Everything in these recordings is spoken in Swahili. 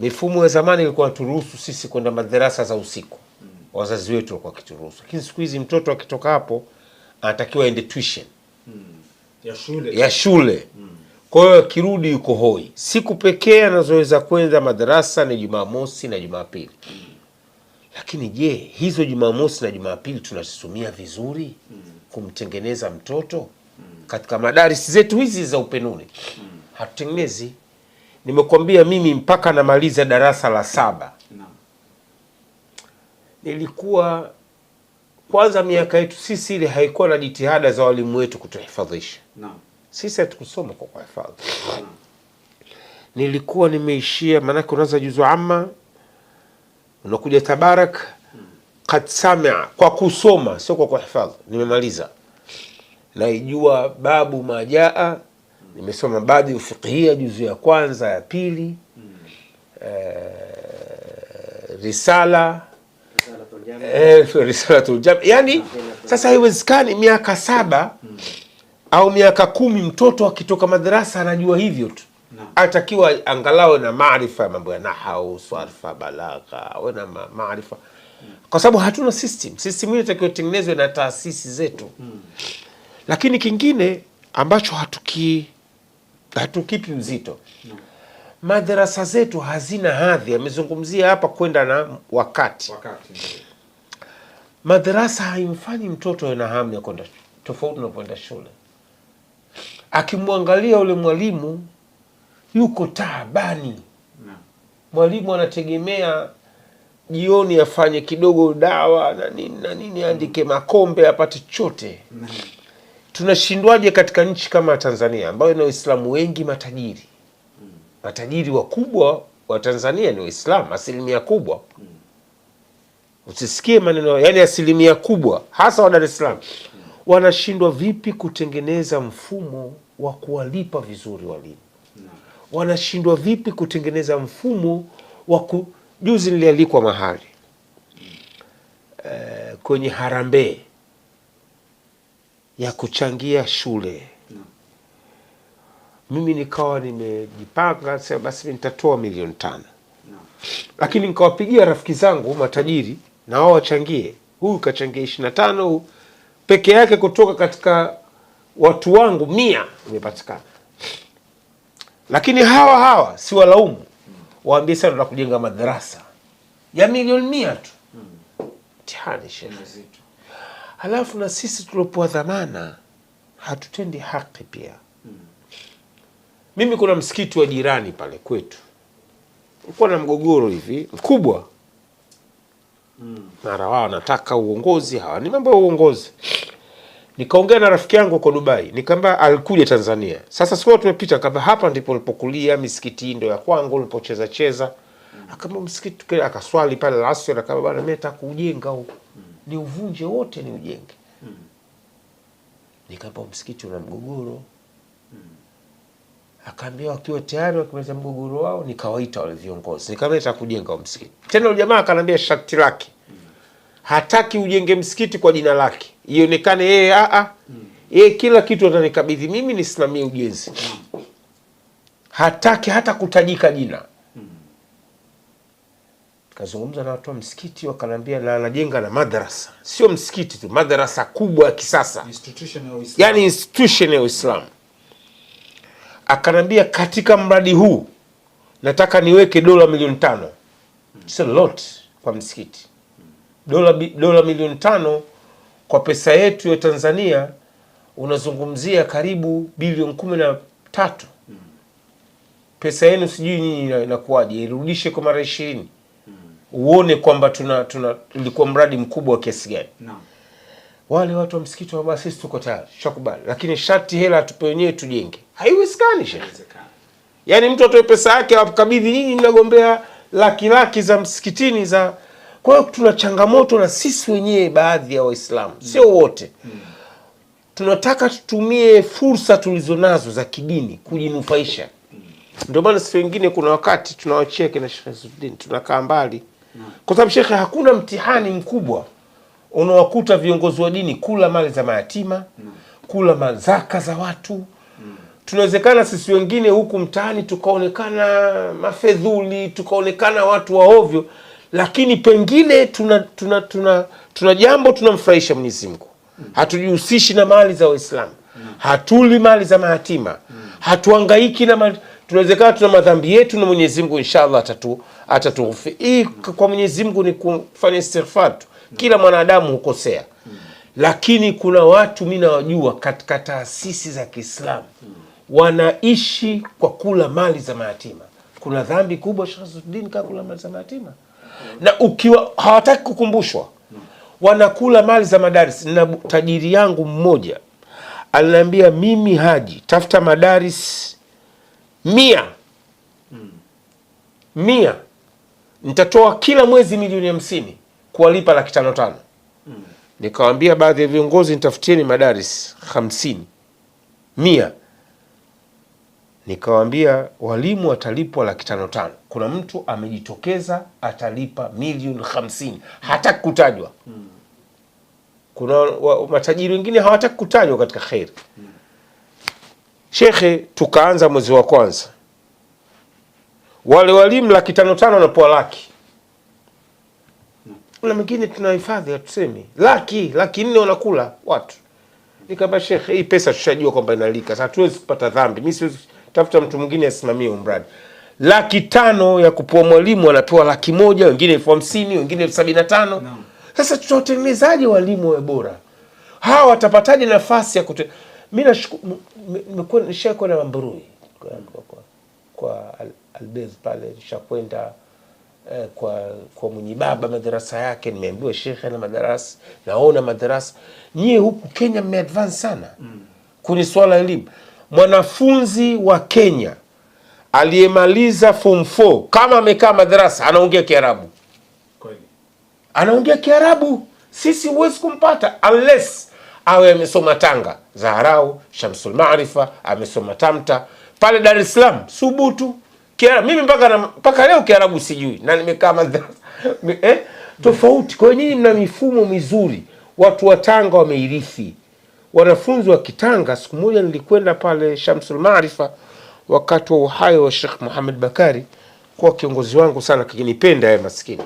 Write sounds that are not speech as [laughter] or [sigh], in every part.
Mifumo ya zamani ilikuwa turuhusu sisi kwenda madarasa za usiku, wazazi wetu walikuwa kituruhusu lakini siku hizi mtoto akitoka hapo anatakiwa aende tuition mm. ya shule, ya shule. Mm. Kwa hiyo akirudi yuko hoi. Siku pekee anazoweza kwenda madarasa ni Jumamosi na Jumapili. Hmm. Lakini je, hizo Jumamosi na Jumapili tunazitumia vizuri mm. kumtengeneza mtoto mm. katika madarisi zetu hizi za upenuni mm. hatutengenezi Nimekwambia mimi mpaka namaliza darasa la saba Nilikuwa kwanza, miaka yetu sisi ile haikuwa na jitihada za walimu wetu kutuhifadhisha Sisi hatukusoma kwa kuhifadhi Nilikuwa nimeishia, maanake unaanza juzu amma unakuja tabarak kad hmm. samia kwa kusoma, sio kwa kuhifadhi. Nimemaliza naijua babu majaa nimesoma baadhi ufiqhia juzu ya kwanza ya pili eh, risala risala tuljam eh, Yani sasa haiwezekani miaka saba au miaka kumi mtoto akitoka madarasa anajua hivyo tu atakiwa angalau na maarifa ya mambo ya nahau, swarfa balagha, awe na maarifa, kwa sababu hatuna system. System hiyo itakiwa na taasisi zetu. Hmm. Lakini kingine ambacho hatuki hatukipi mzito no. Madarasa zetu hazina hadhi, amezungumzia hapa kwenda na wakati, wakati. Madarasa haimfanyi mtoto na hamu ya kwenda tofauti na shule. Akimwangalia ule mwalimu yuko taabani no. Mwalimu anategemea jioni afanye kidogo dawa na nini na nini, aandike mm. makombe apate chote no tunashindwaje katika nchi kama Tanzania ambayo ina Waislamu wengi matajiri? Matajiri wakubwa wa Tanzania ni Waislamu, asilimia kubwa. Usisikie maneno, yani asilimia kubwa hasa wa Dar es Salaam. Wanashindwa vipi kutengeneza mfumo wa kuwalipa vizuri walimu? Wanashindwa vipi kutengeneza mfumo wa ku... Juzi nilialikwa mahali e, kwenye harambee ya kuchangia shule no. Mimi nikawa nimejipanga sema basi nitatoa milioni tano no. Lakini nikawapigia rafiki zangu matajiri na wao wachangie, huyu kachangia ishirini na tano peke yake kutoka katika watu wangu mia imepatikana, lakini hawa hawa si walaumu, waambie sana na kujenga madarasa ya milioni mia tu mtihani shehe Halafu na sisi tulopoa dhamana hatutendi haki pia. Hmm. Mimi kuna msikiti wa jirani pale kwetu ulikuwa na mgogoro hivi mkubwa. Hmm. Mara wao wanataka uongozi, hawa ni mambo ya uongozi. Nikaongea na rafiki yangu huko Dubai, nikamwambia alikuja Tanzania. Sasa sikuwa tumepita kama hapa ndipo nilipokulia, misikiti ndo ya kwangu nilipocheza akama msikiti, akaswali pale lasi akamwambia bana mi taka kujenga huku ni uvunje wote ni ujenge. mm. Nikaambia msikiti una mgogoro. Hmm. Akaambia wakiwa tayari wakimaliza mgogoro wao, nikawaita wale viongozi, nikamwambia kujenga msikiti tena. Yule jamaa akaniambia sharti lake hmm. hataki ujenge msikiti kwa jina lake ionekane yeye a ah, a ah. hmm. yeye kila kitu atanikabidhi mimi nisimamie ujenzi. Hataki hata kutajika jina Kazungumza na watu wa msikiti wakanambia la anajenga na madrasa, sio msikiti tu, madrasa kubwa ya kisasa, yani institution ya Uislamu. Akanambia katika mradi huu nataka niweke dola milioni tano. It's a lot kwa msikiti. Dola, dola milioni tano kwa pesa yetu ya Tanzania unazungumzia karibu bilioni kumi na tatu. Hmm. Pesa yenu sijui nyinyi inakuwaje, irudishe kwa mara ishirini uone kwamba tuna tuna ulikuwa mradi mkubwa wa kiasi gani. no. Wale watu wa msikiti wa basi tuko tayari, shakubali Lakini sharti hela tupe wenyewe tujenge. Haiwezekani shehe. Yaani mtu atoe pesa yake awakabidhi nyinyi mnagombea laki laki za msikitini za kwa hiyo tuna changamoto na sisi wenyewe baadhi ya Waislamu mm. sio wote mm. tunataka tutumie fursa tulizonazo za kidini kujinufaisha. mm. Ndio maana mm. sisi wengine kuna wakati tunawachia kina Sheikh Izzuddin tunakaa mbali kwa sababu shekhe, hakuna mtihani mkubwa unawakuta viongozi wa dini kula mali za mayatima, kula mazaka za watu. Tunawezekana sisi wengine huku mtaani tukaonekana mafedhuli, tukaonekana watu wa ovyo, lakini pengine tuna tuna tuna, tuna jambo tunamfurahisha Mwenyezi Mungu. Hatujihusishi na mali za Waislamu, hatuli mali za mayatima, hatuangaiki na mali. Tunawezekana tuna madhambi yetu na Mwenyezi Mungu inshallah atatu atatughfir. Hii kwa Mwenyezi Mungu ni kufanya istighfar tu, kila mwanadamu hukosea hmm. Lakini kuna watu mimi nawajua katika taasisi za Kiislamu hmm. wanaishi kwa kula mali za mayatima. Kuna dhambi kubwa kwa kakula mali za mayatima hmm. na ukiwa hawataki kukumbushwa hmm. wanakula mali za madaris. Na tajiri yangu mmoja aliniambia mimi, Haji, tafuta madaris mia hmm. mia nitatoa kila mwezi milioni hamsini kuwalipa laki tano tano. Hmm. Nikawambia baadhi ya viongozi nitafutieni madaris hamsini mia. Nikawambia walimu watalipwa laki tano tano. Kuna mtu amejitokeza atalipa milioni hamsini, hataki kutajwa. Hmm. Kuna wa, matajiri wengine hawataki kutajwa katika kheri. Hmm. Shekhe, tukaanza mwezi wa kwanza wale walimu laki tano tano wanapewa laki, hmm. ule mwingine tunahifadhi hatusemi, laki laki nne wanakula watu. Nikamba shekhe, hii pesa tushajua kwamba inalika sasa, hatuwezi kupata dhambi. mi siwezi tafuta mtu mwingine asimamie umradi laki tano ya kupoa mwalimu anapewa laki moja, wengine elfu hamsini wengine elfu sabini na tano no. Sasa tunawatengenezaje walimu wawe bora? Hawa watapataje nafasi ya kute mi nashukuru, nimekuwa nishakuwa na mamburui kwa, kwa, kwa, kwa Albez pale nishakwenda eh, kwa kwa mwenye baba madarasa yake, nimeambiwa shekhe na madarasa, naona madarasa. Nyie huku Kenya mmeadvance sana mm. kwenye swala elimu. Mwanafunzi wa Kenya aliyemaliza form 4 kama amekaa madarasa anaongea Kiarabu, kweli anaongea Kiarabu. Sisi huwezi kumpata unless awe amesoma Tanga Zaharau Shamsul Maarifa, amesoma Tamta pale Dar es Salaam, Subutu Kiarabu mimi mpaka mpaka leo Kiarabu sijui na nimekaa madrasa [laughs] eh, tofauti. Kwa nini mna mifumo mizuri, watu wa Tanga wameirithi, wanafunzi wa Kitanga. Siku moja nilikwenda pale Shamsul Maarifa wakati wa uhai wa Sheikh Muhammad Bakari, kwa kiongozi wangu sana, kinipenda yeye maskini.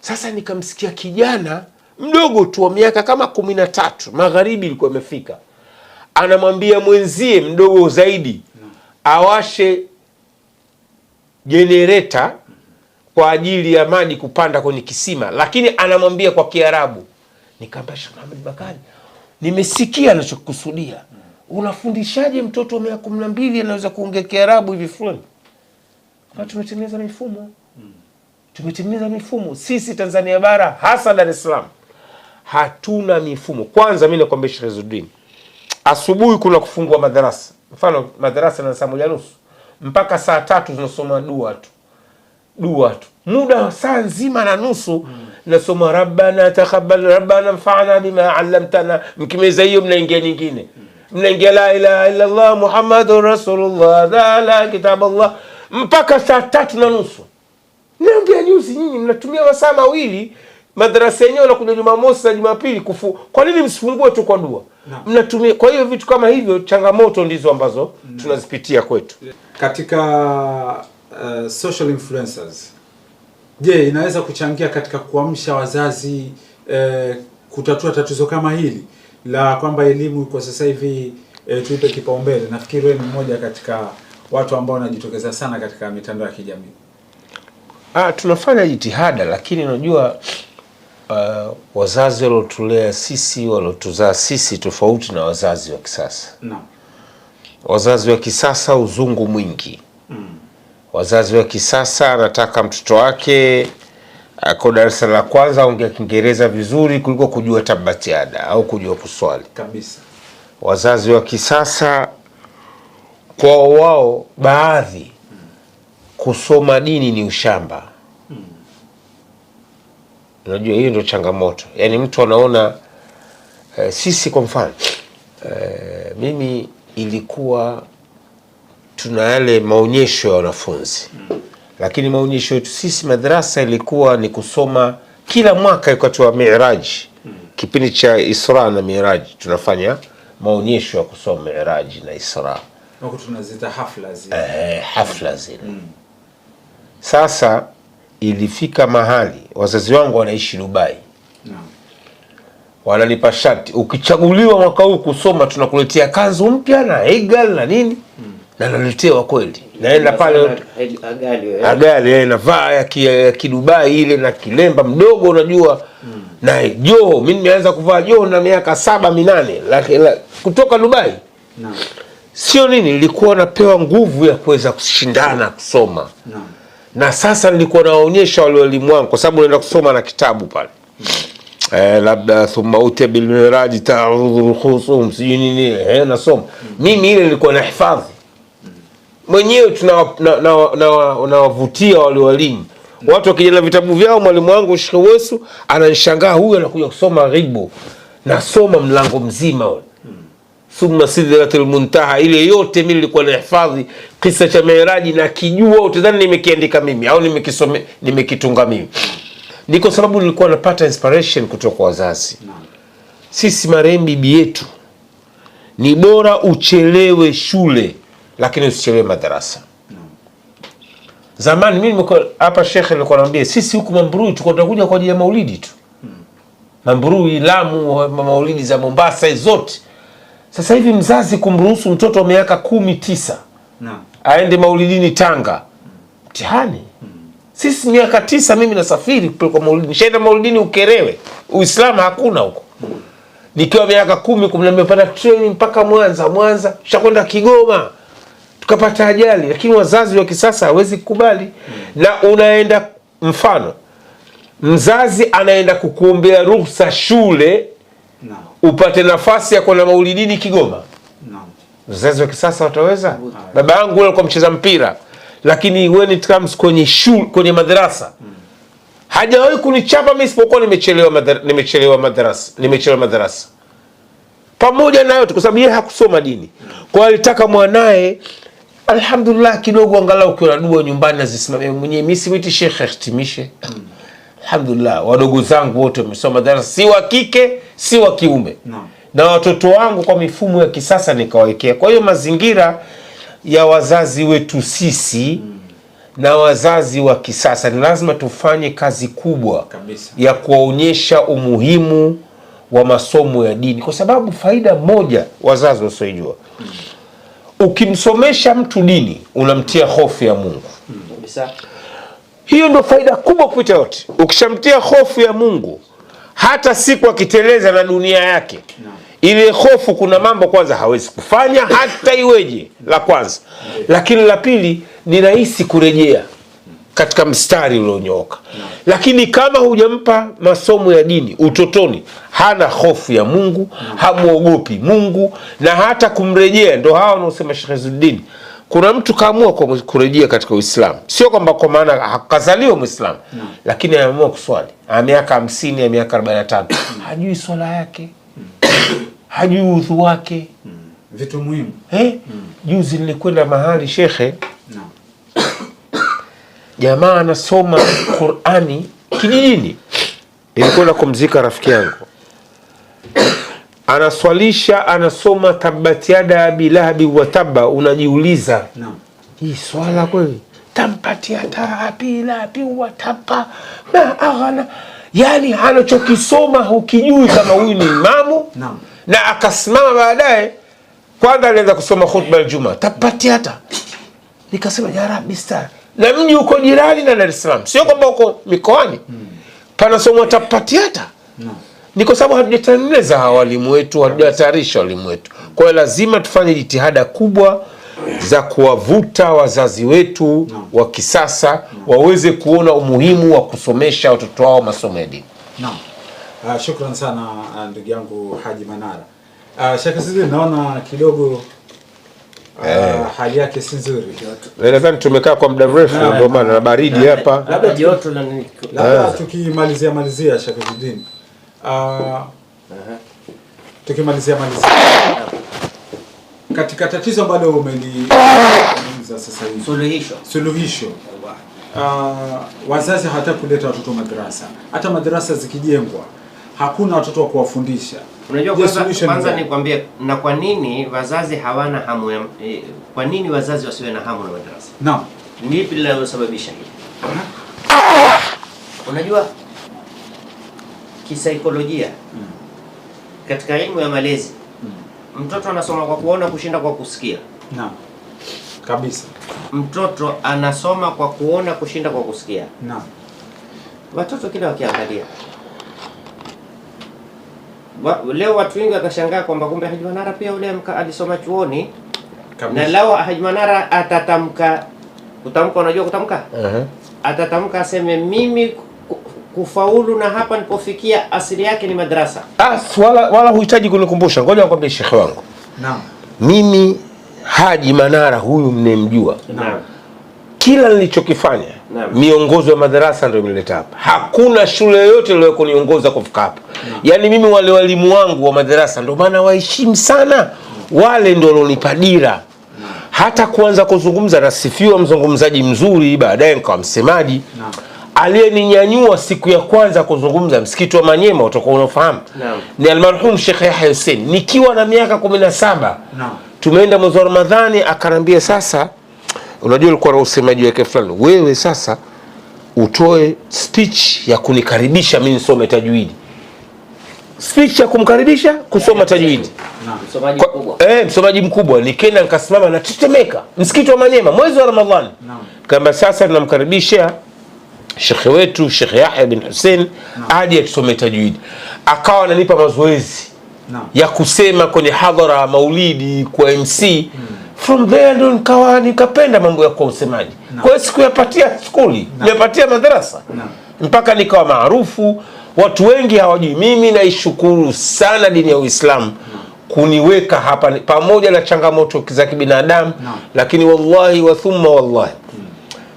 Sasa nikamsikia kijana mdogo tu wa miaka kama kumi na tatu, magharibi ilikuwa imefika, anamwambia mwenzie mdogo zaidi awashe jenereta kwa ajili ya maji kupanda kwenye kisima, lakini anamwambia kwa Kiarabu. Nikaambia Sheikh Bakari, nimesikia anachokusudia. Unafundishaje mtoto wa miaka kumi na mbili anaweza kuongea Kiarabu hivi fulani? Tumetengeneza mifumo, tumetengeneza mifumo. Sisi Tanzania bara hasa Dar es Salaam hatuna mifumo. Kwanza mimi nakwambia Sheikh asubuhi kuna kufungua madarasa, mfano madarasa na saa moja nusu mpaka saa tatu tunasoma dua tu dua tu muda saa nzima na nusu Nasoma rabbana takabal rabbana mfana bima alamtana Mkimeza hiyo mnaingia nyingine, mnaingia la ilaha illa Allah muhammadun rasulullah dala la kitaballah mpaka saa tatu na nusu. Niambia nyuzi, nyinyi mnatumia masaa mawili madarasa yenyewe, nakuja Jumamosi na Jumapili kufu. Kwa nini msifungue tu kwa dua? Mnatumia. Kwa hiyo vitu kama hivyo, changamoto ndizo ambazo mm. tunazipitia kwetu katika uh, social influencers, je, inaweza kuchangia katika kuamsha wazazi eh, kutatua tatizo kama hili la kwamba elimu kwa sasa hivi eh, tuipe kipaumbele? Nafikiri wewe ni mmoja katika watu ambao wanajitokeza sana katika mitandao ya kijamii. Ah, tunafanya jitihada, lakini unajua uh, wazazi waliotulea sisi waliotuzaa sisi tofauti na wazazi wa kisasa. Naam wazazi wa kisasa uzungu mwingi mm. Wazazi wa kisasa anataka mtoto wake ako darasa la kwanza aongea Kiingereza vizuri kuliko kujua tabatiada au kujua kuswali kabisa. Wazazi wa kisasa kwao wao baadhi hmm. kusoma dini ni ushamba mm. Unajua hiyo ndio changamoto, yaani mtu anaona eh, sisi kwa mfano eh, mimi ilikuwa tuna yale maonyesho ya wanafunzi mm. Lakini maonyesho yetu sisi madrasa ilikuwa ni kusoma kila mwaka, wakati wa miraji mm. Kipindi cha Isra na Miraji tunafanya maonyesho ya kusoma miraji na Isra tunazita hafla zile. Eh, hafla zile mm. Sasa ilifika mahali wazazi wangu wanaishi Dubai wananipa shati, ukichaguliwa mwaka huu kusoma, tunakuletea kanzu mpya na egal na nini na naletewa kweli, naenda pale agali eh. navaa ya kidubai ile na kilemba mdogo, unajua hmm. na joho. Mimi nimeanza kuvaa joo na miaka saba minane kutoka Dubai na. Sio nini, nilikuwa napewa nguvu ya kuweza kushindana kusoma na. na sasa nilikuwa nawaonyesha wale walimu wangu, kwa sababu naenda kusoma na kitabu pale hmm. Eh, labda thumma utia bil miraji ta'udhu bi khusum sijui nini eh, nasoma mimi ile nilikuwa na hifadhi mwenyewe, tunawavutia wale walimu watu na vitabu vyao. Mwalimu wangu Sheikh Wesu ananishangaa, huyu anakuja kusoma ribu, nasoma mlango mzima ule thumma sidratul muntaha, ile yote mimi nilikuwa na hifadhi. Kisa cha miraji na kijua, utadhani nimekiandika mimi au nimekisome nimekitunga mimi ni kwa sababu nilikuwa napata inspiration kutoka kwa wazazi. Sisi marehemu bibi yetu, ni bora uchelewe shule lakini usichelewe madarasa. Zamani mimi nimekuwa hapa shekhe, alikuwa naambia sisi huku mamburui tulikuwa tunakuja kwa ajili ya maulidi tu, mamburui Lamu, maulidi za Mombasa zote. Sasa hivi mzazi kumruhusu mtoto wa miaka kumi tisa aende maulidini Tanga, mtihani hmm. Sisi miaka tisa mimi nasafiri kwa Maulidi, nishaenda maulidini Ukerewe, Uislamu hakuna huko. Nikiwa miaka kumi kumi nimepanda treni mpaka Mwanza, Mwanza shakwenda Kigoma, tukapata ajali. Lakini wazazi wa kisasa hawezi kukubali, na unaenda mfano mzazi anaenda kukuombea ruhusa shule no. upate nafasi ya kwenda maulidini Kigoma no. mzazi wa kisasa wataweza baba yangu alikuwa mcheza mpira lakini when it comes kwenye shule, kwenye madarasa hajawahi kunichapa mimi isipokuwa nimechelewa madar, nimechelewa madarasa nimechelewa madarasa, pamoja na yote, kwa sababu yeye hakusoma dini. Kwa alitaka mwanae alhamdulillah, kidogo angalau kuna dua nyumbani nazisimamia mwenyewe, mimi siwiti shekhe ahtimishe. Alhamdulillah, wadogo zangu wote wamesoma madarasa, si wa kike si wa kiume no. na watoto wangu kwa mifumo ya kisasa nikawawekea, kwa hiyo mazingira ya wazazi wetu sisi mm. na wazazi wa kisasa, ni lazima tufanye kazi kubwa kabisa ya kuwaonyesha umuhimu wa masomo ya dini, kwa sababu faida moja wazazi wasioijua mm. ukimsomesha mtu dini unamtia hofu ya Mungu mm. hiyo ndio faida kubwa kupita yote. Ukishamtia hofu ya Mungu hata siku akiteleza na dunia yake no ile hofu, kuna mambo kwanza hawezi kufanya hata iweje, la kwanza. Lakini la pili ni rahisi kurejea katika mstari ulionyooka. Lakini kama hujampa masomo ya dini utotoni, hana hofu ya Mungu, hamwogopi Mungu na hata kumrejea. Ndo hawa wanaosema Sheikh Izzuddin, kuna mtu kaamua kurejea katika Uislamu, sio kwamba kwa maana hakazaliwa Mwislamu, lakini ameamua kuswali ana miaka hamsini, a miaka arobaini na tano hajui swala yake. [coughs] hajui udhu wake, hmm. vitu muhimu eh. Hmm. Juzi nilikwenda mahali shekhe, [coughs] jamaa anasoma [coughs] Qurani kijijini, nilikwenda kumzika rafiki yangu anaswalisha anasoma tabatiada yada wa Unajiuliza, hii swala kweli? Tampatia ta abi wa ma aghna yani anachokisoma hukijui kama huyu ni imamu na, na akasimama baadaye, kwanza alianza kusoma khutba aljuma tapati hata nikasema ya Rabbi na mji uko jirani na Dar es Salaam, sio kwamba uko mikoani hmm. panasomwa tapati hata no. Ni kwa sababu hatujatengeneza walimu wetu, hatujawatayarisha walimu wetu. Kwa hiyo lazima tufanye jitihada kubwa za kuwavuta wazazi wetu wa kisasa waweze kuona umuhimu wa kusomesha watoto wao masomo ya dini Naam. Uh, shukran sana ah, ndugu yangu Haji Manara. Uh, Sheikh Zuri naona kidogo Uh, hali yake si nzuri. Eh, nadhani tumekaa kwa muda mrefu ndio maana na baridi hapa. Labda joto na nini. Labda eh. tukimalizia malizia Sheikh Zidin. Ah. Tukimalizia malizia katika tatizo ambalo umelizungumza sasa hivi, suluhisho suluhisho, uh, wazazi hawataki kuleta watoto madrasa, hata madrasa zikijengwa hakuna watoto wa kuwafundisha. Unajua, kwanza nikwambie, na kwa nini wazazi hawana hamu ya, eh, kwa nini wazazi wasiwe na hamu ya madrasa? Naam, ni lipi linalosababisha hili? Unajua kisaikolojia, hmm. katika elimu ya malezi Mtoto anasoma kwa kuona kushinda kwa kusikia. Naam. Kabisa. Mtoto anasoma kwa kuona kushinda kwa kusikia. Naam. Watoto kila wakiangalia wa, leo watu wengi wakashangaa kwamba kumbe Haji Manara pia yule alisoma chuoni Kabisa. Na lao Haji Manara atatamka kutamka, unajua kutamka uh -huh. Atatamka aseme mimi kufaulu na hapa nilipofikia asili yake ni madrasa. As, ah, wala, wala huhitaji kunikumbusha. Ngoja nikwambie shekhe wangu. Naam. Mimi Haji Manara huyu mnemjua. Naam. Kila nilichokifanya miongozo ya madarasa ndio imenileta hapa. Hakuna shule yoyote iliyowahi kuniongoza kufika hapa. Yaani mimi wale walimu wangu wa madarasa ndio maana waheshimu sana. Wale ndio walionipa dira. Hata kuanza kuzungumza nasifiwa mzungumzaji mzuri, baadaye nikawa msemaji. Naam aliyeninyanyua siku ya kwanza kuzungumza msikiti wa Manyema utakuwa unafahamu no. ni almarhum Sheikh Yahya Hussein nikiwa na miaka 17 na no. tumeenda mwezi wa Ramadhani, akanambia sasa, unajua ulikuwa na usemaji wake fulani, wewe sasa utoe speech ya kunikaribisha mimi nisome tajwidi, speech ya kumkaribisha kusoma tajwidi no. eh, msomaji mkubwa. Nikaenda nikasimama na tetemeka, msikiti wa Manyema mwezi wa Ramadhani no. kamba sasa tunamkaribisha shekhe wetu Shekhe Yahya bin Hussein aje atusomee tajwid, akawa ananipa mazoezi ya kusema kwenye hadhara ya maulidi kwa MC. Hmm. From there ndo nikawa nikapenda mambo ya kwa usemaji. Kwa hiyo sikuyapatia skuli, nimepatia madarasa mpaka nikawa maarufu. Watu wengi hawajui. Mimi naishukuru sana dini ya Uislamu kuniweka hapa pamoja na changamoto za kibinadamu, lakini wallahi wathumma wallahi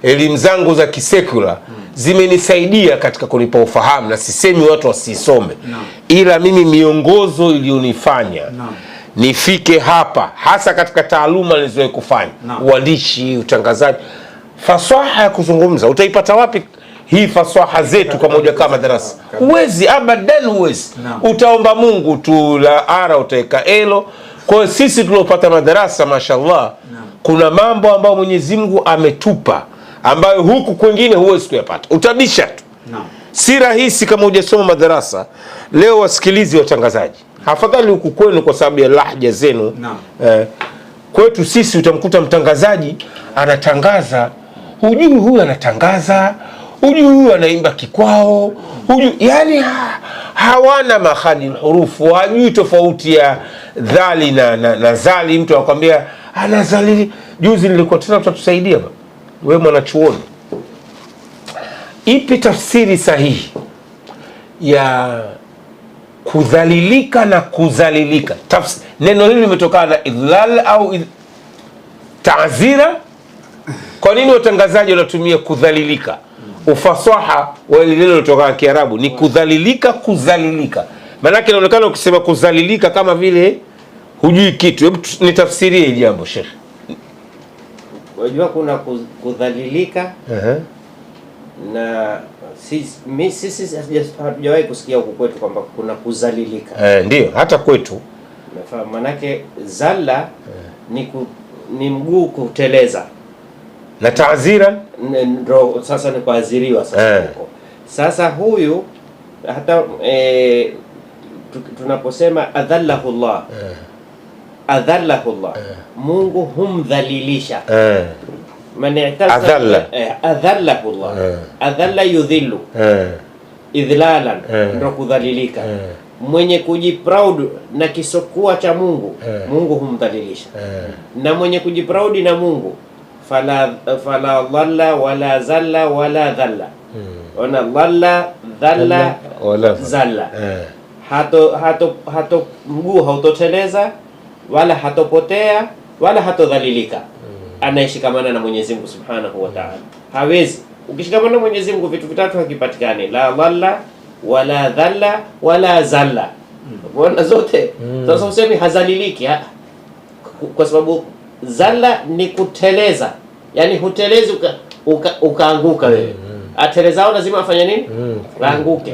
hmm. elimu zangu za kisekula hmm zimenisaidia katika kunipa ufahamu, na sisemi watu wasisome no. Ila mimi miongozo iliyonifanya no. nifike hapa hasa katika taaluma nilizowahi kufanya no. uandishi, utangazaji, faswaha ya kuzungumza utaipata wapi? hii faswaha zetu kwa moja kama darasa huwezi, abadan huwezi no. Utaomba Mungu tu, la ara utaweka elo. Kwa sisi tuliopata madarasa, mashallah no. kuna mambo ambayo Mwenyezi Mungu ametupa ambayo huku kwingine huwezi kuyapata, utabisha tu no. Si rahisi kama hujasoma madarasa. Leo wasikilizi watangazaji, afadhali huku kwenu kwa sababu ya lahja zenu no. Eh, kwetu sisi utamkuta mtangazaji anatangaza, hujui huyu anatangaza, hujui huyu anaimba kikwao, hujui yani hawana mahali hurufu, hajui tofauti ya dhali na, na, na zali. Mtu anakwambia anazalili. Juzi nilikuwa tena tutatusaidia we mwanachuoni, ipi tafsiri sahihi ya kudhalilika na kudhalilika? neno hili limetokana na idlal au idh... taazira. Kwa nini watangazaji wanatumia kudhalilika? Ufasaha wa ili neno kutoka Kiarabu ni kudhalilika, kudhalilika maanake inaonekana ukisema kudhalilika kama vile hujui kitu. Hebu nitafsirie hii jambo shekhe Wajua kuna kudhalilika na sisi si, hatujawahi kusikia huku kwetu kwamba kuna kudhalilika eh, ndio hata kwetu manake zalla eh. ni, ku, ni mguu kuteleza na taazira ndo sasa ni kuaziriwa sasa huko eh. Sasa huyu hata eh, tunaposema adhallahu Allah eh adhallahu Allah, eh. Mungu humdhalilisha eh. man i'tasama eh, adhallahu Allah, adhalla yudhillu idhlalan, ndo kudhalilika mwenye kujiproud na kisokua cha Mungu yeah. Mungu humdhalilisha yeah. Na mwenye kujiproudi na Mungu fala fala dhalla wala zalla wala dhalla mm. Ona dhalla dhalla wala zalla yeah. Hato hato hato mguu hautoteleza wala hatopotea wala hatodhalilika, mm. anayeshikamana na Mwenyezi Mungu Subhanahu wa Ta'ala. Hawezi ukishikamana na Mwenyezi Mungu vitu vitatu hakipatikani, la dhalla wala dhalla wala zalla. Mm. Unaona zote mm. sasa, usemi hazaliliki ha? Ah. kwa sababu zalla ni kuteleza, yani hutelezi ukaanguka uka, uka wewe. Atelezao lazima afanye nini? Aanguke.